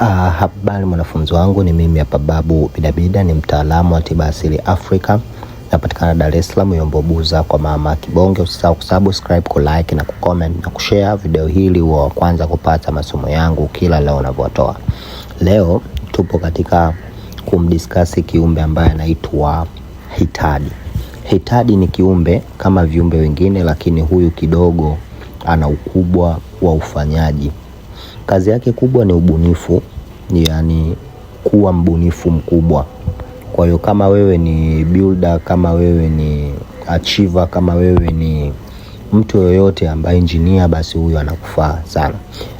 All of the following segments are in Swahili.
Uh, habari mwanafunzi wangu, ni mimi hapa Babu Bidabida, ni mtaalamu wa tiba asili Afrika, napatikana Dar es Salaam, Yombo Buza kwa mama Kibonge. Usisahau kusubscribe, ku like na ku comment na kushare video hili wa kwanza kupata masomo yangu kila leo ninavyotoa. Leo tupo katika kumdiskasi kiumbe ambaye anaitwa Hitadi. Hitadi ni kiumbe kama viumbe wengine, lakini huyu kidogo ana ukubwa wa ufanyaji kazi yake kubwa ni ubunifu, yani kuwa mbunifu mkubwa. Kwa hiyo kama wewe ni builder, kama wewe ni achiever, kama wewe ni mtu yoyote ambaye engineer basi huyo anakufaa sana.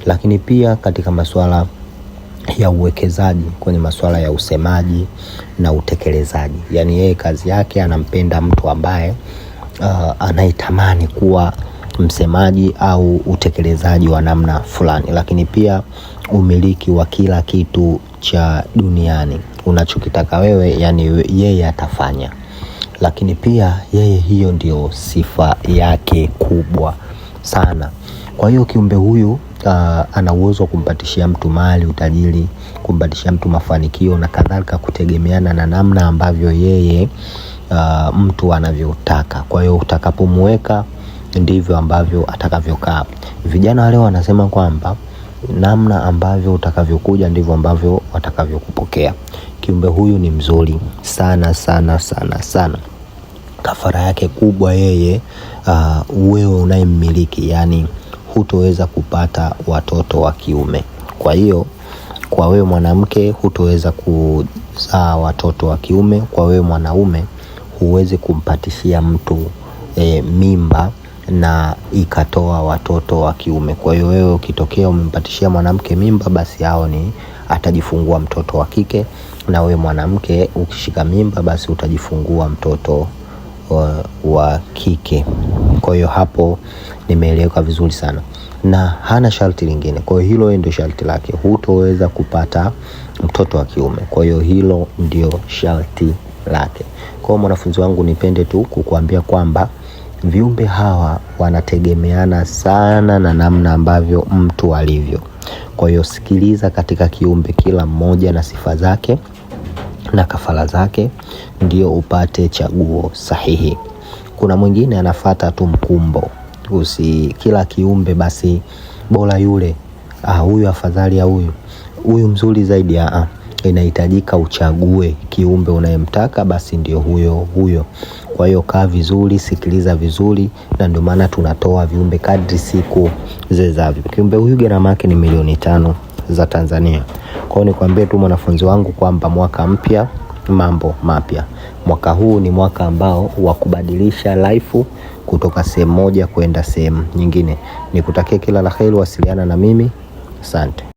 Lakini pia katika masuala ya uwekezaji kwenye masuala ya usemaji na utekelezaji. Yaani yeye kazi yake anampenda mtu ambaye uh, anaitamani kuwa msemaji au utekelezaji wa namna fulani, lakini pia umiliki wa kila kitu cha duniani unachokitaka wewe, yani yeye atafanya. Lakini pia yeye, hiyo ndio sifa yake kubwa sana. Kwa hiyo kiumbe huyu Uh, ana uwezo wa kumpatishia mtu mali, utajiri, kumpatishia mtu mafanikio na kadhalika, kutegemeana na namna ambavyo yeye uh, mtu anavyotaka. Kwa hiyo utakapomweka ndivyo ambavyo atakavyokaa. Vijana wale wanasema kwamba namna ambavyo utakavyokuja ndivyo ambavyo watakavyokupokea. Kiumbe huyu ni mzuri sana sana sana sana. Kafara yake kubwa yeye, uh, wewe unayemmiliki, yani hutoweza kupata watoto wa kiume. Kwa hiyo kwa wewe mwanamke hutoweza kuzaa watoto wa kiume, kwa wewe mwanaume huwezi kumpatishia mtu e, mimba na ikatoa watoto wa kiume. Kwa hiyo wewe ukitokea umempatishia mwanamke mimba, basi hao ni atajifungua mtoto wa kike, na wewe mwanamke ukishika mimba, basi utajifungua mtoto wa, uh, wa kike. Kwa hiyo hapo nimeeleweka vizuri sana, na hana sharti lingine. Kwa hiyo hilo ndio sharti lake, hutoweza kupata mtoto wa kiume. Kwa hiyo hilo ndio sharti lake. Kwa hiyo mwanafunzi wangu, nipende tu kukuambia kwamba Viumbe hawa wanategemeana sana na namna ambavyo mtu alivyo. Kwa hiyo sikiliza katika kiumbe kila mmoja na sifa zake na kafara zake, ndio upate chaguo sahihi. Kuna mwingine anafata tu mkumbo, usi kila kiumbe basi bora yule, ah, huyu afadhali ya huyu, huyu mzuri zaidi, ah inahitajika uchague kiumbe unayemtaka basi ndio huyo huyo. Kwa hiyo kaa vizuri, sikiliza vizuri, na ndio maana tunatoa viumbe kadri siku zezavyo Kiumbe huyu gharama yake ni milioni tano za Tanzania. kwao nikuambie nikwambie tu mwanafunzi wangu kwamba mwaka mpya, mambo mapya. Mwaka huu ni mwaka ambao wa kubadilisha life kutoka sehemu moja kwenda sehemu nyingine. Nikutakie kila la heri, wasiliana na mimi. Asante.